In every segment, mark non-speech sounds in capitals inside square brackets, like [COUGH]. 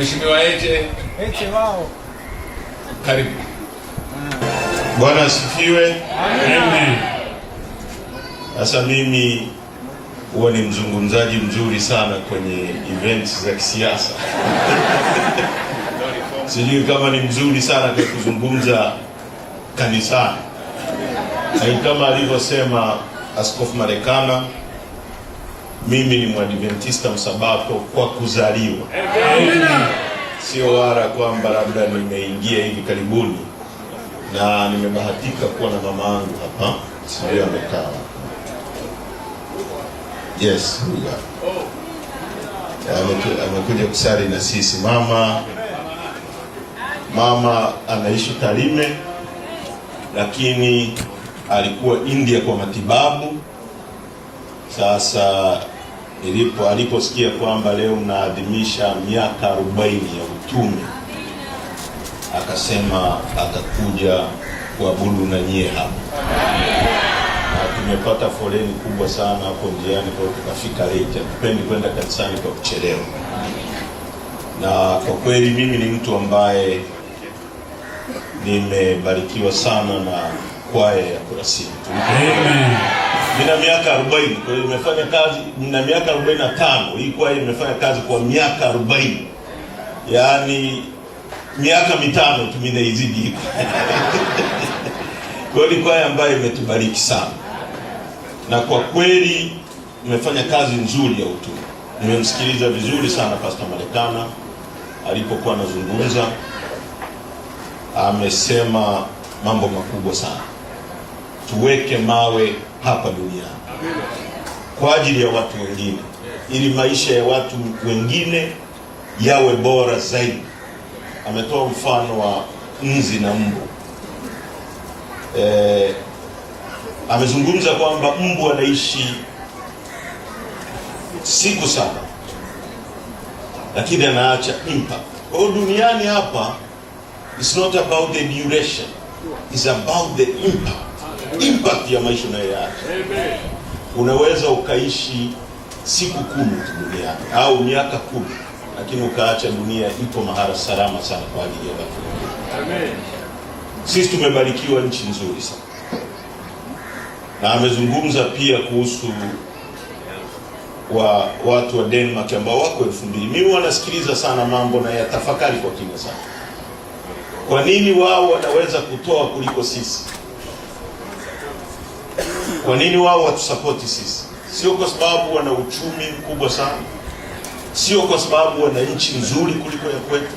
Mheshimiwa Heche, Heche wao, karibu. Bwana asifiwe. Amen. Sasa mimi huwa ni mzungumzaji mzuri sana kwenye events za kisiasa [LAUGHS] sijui kama ni mzuri sana kwa kuzungumza kanisani, lakini kama alivyosema Askofu Marekana mimi ni mwadventista msabato kwa kuzaliwa, sio wara kwamba labda nimeingia hivi karibuni, na nimebahatika kuwa na mama yangu hapa, sio amekaa yes, amekuja kusali na sisi. Mama mama anaishi Tarime, lakini alikuwa India kwa matibabu sasa ilipo aliposikia kwamba leo mnaadhimisha miaka 40 ya utume, akasema atakuja kuabudu na nyie hapa, tumepata foleni kubwa sana hapo njiani, kwa tukafika late. Hatupendi kwenda kanisani kwa kuchelewa, na kwa kweli mimi ni mtu ambaye nimebarikiwa sana na kwaya ya Kurasini. Amen nina miaka 40, kwa hiyo nimefanya kazi, nina miaka 45. Hii hiyo nimefanya kazi kwa miaka 40, yaani miaka mitano tu naizidi hii [LAUGHS] kwa hiyo kwa ambayo imetubariki sana, na kwa kweli nimefanya kazi nzuri ya utume. Nimemsikiliza vizuri sana Pastor Marekana alipokuwa anazungumza, amesema mambo makubwa sana tuweke mawe hapa duniani kwa ajili ya watu wengine, ili maisha ya watu wengine yawe bora zaidi. Ametoa mfano wa nzi na mbu. E, amezungumza kwamba mbu anaishi siku saba lakini anaacha impact. Kwa hiyo duniani hapa, it's not about the duration, it's about the impact impact ya maisha unayoyaacha. Unaweza ukaishi siku kumi dunia au miaka kumi, lakini ukaacha dunia ipo mahala salama sana kwa ajili ya watu Sisi tumebarikiwa nchi nzuri sana, na amezungumza pia kuhusu wa watu wa Denmark ambao wako elfu mbili. Mimi wanasikiliza sana mambo na yatafakari kwa kina sana, kwa nini wao wanaweza kutoa kuliko sisi. Kwa nini wao watusapoti sisi? Sio kwa sababu wana uchumi mkubwa sana, sio kwa sababu wana nchi nzuri kuliko ya kwetu,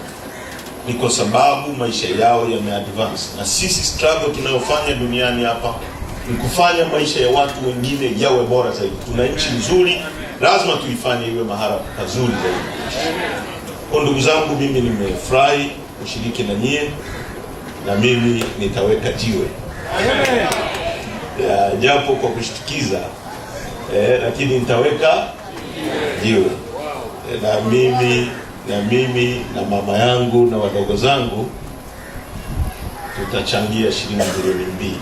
ni kwa sababu maisha yao yameadvance, na sisi struggle tunayofanya duniani hapa ni kufanya maisha ya watu wengine yawe bora zaidi. Tuna nchi nzuri, lazima tuifanye iwe mahala pazuri zaidi. Kwa ndugu zangu, mimi nimefurahi kushiriki na nyie, na mimi nitaweka jiwe. Amen ya japo kwa kushtukiza eh, lakini nitaweka jiwe eh, na mimi na mimi na mama yangu na wadogo zangu tutachangia shilingi milioni mbili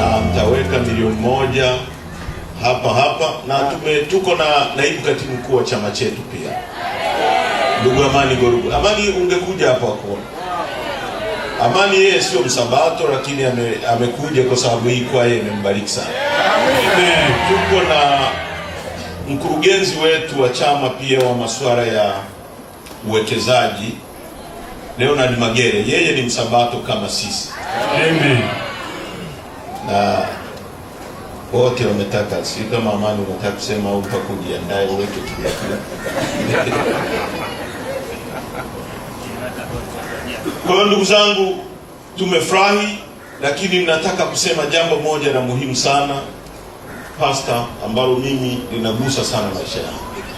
na mtaweka milioni moja hapa hapa na tume, tuko na naibu katibu mkuu wa chama chetu pia ndugu Amani Gorugu. Amani, ungekuja hapa wakuona Amani yeye sio msabato, lakini ame, amekuja kwa sababu hii kwa yeye imembariki sana. Tuko na mkurugenzi wetu wa chama pia wa masuala ya uwekezaji Leonard Magere, yeye ni msabato kama sisi. Amen. Na wote wametaka, si kama Amani unataka kusema au utakujiandae uweke kile [LAUGHS] kile Kwa hiyo ndugu zangu, tumefurahi, lakini ninataka kusema jambo moja na muhimu sana pasta, ambalo mimi linagusa sana maisha yangu.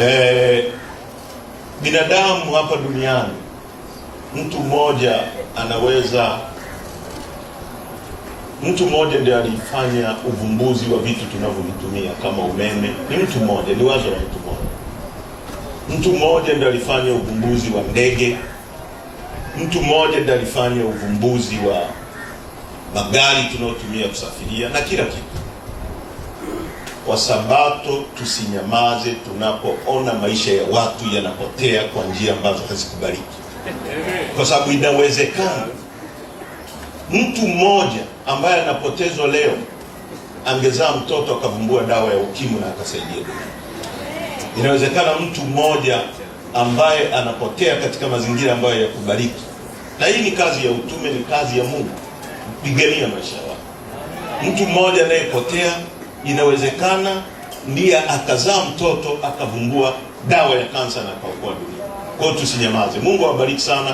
Eh, binadamu hapa duniani mtu mmoja anaweza mtu mmoja ndiye alifanya uvumbuzi wa vitu tunavyovitumia kama umeme. Ni mtu mmoja, ni wazo la mtu mmoja. Mtu mmoja ndiye alifanya uvumbuzi wa ndege Mtu mmoja ndiye alifanya uvumbuzi wa magari tunayotumia kusafiria na kila kitu. sabato tusinyamaze tunapoona maisha ya watu yanapotea kwa njia ambazo hazikubaliki, kwa sababu inawezekana mtu mmoja ambaye anapotezwa leo angezaa mtoto akavumbua dawa ya ukimwi na akasaidia dunia. Inawezekana mtu mmoja ambaye anapotea katika mazingira ambayo yakubariki Na hii ni kazi ya utume, ni kazi ya Mungu kupigania maisha yako. Mtu mmoja anayepotea inawezekana ndiye akazaa mtoto akavumbua dawa ya kansa na akaokoa dunia. Kwa hiyo tusinyamaze. Mungu awabariki sana.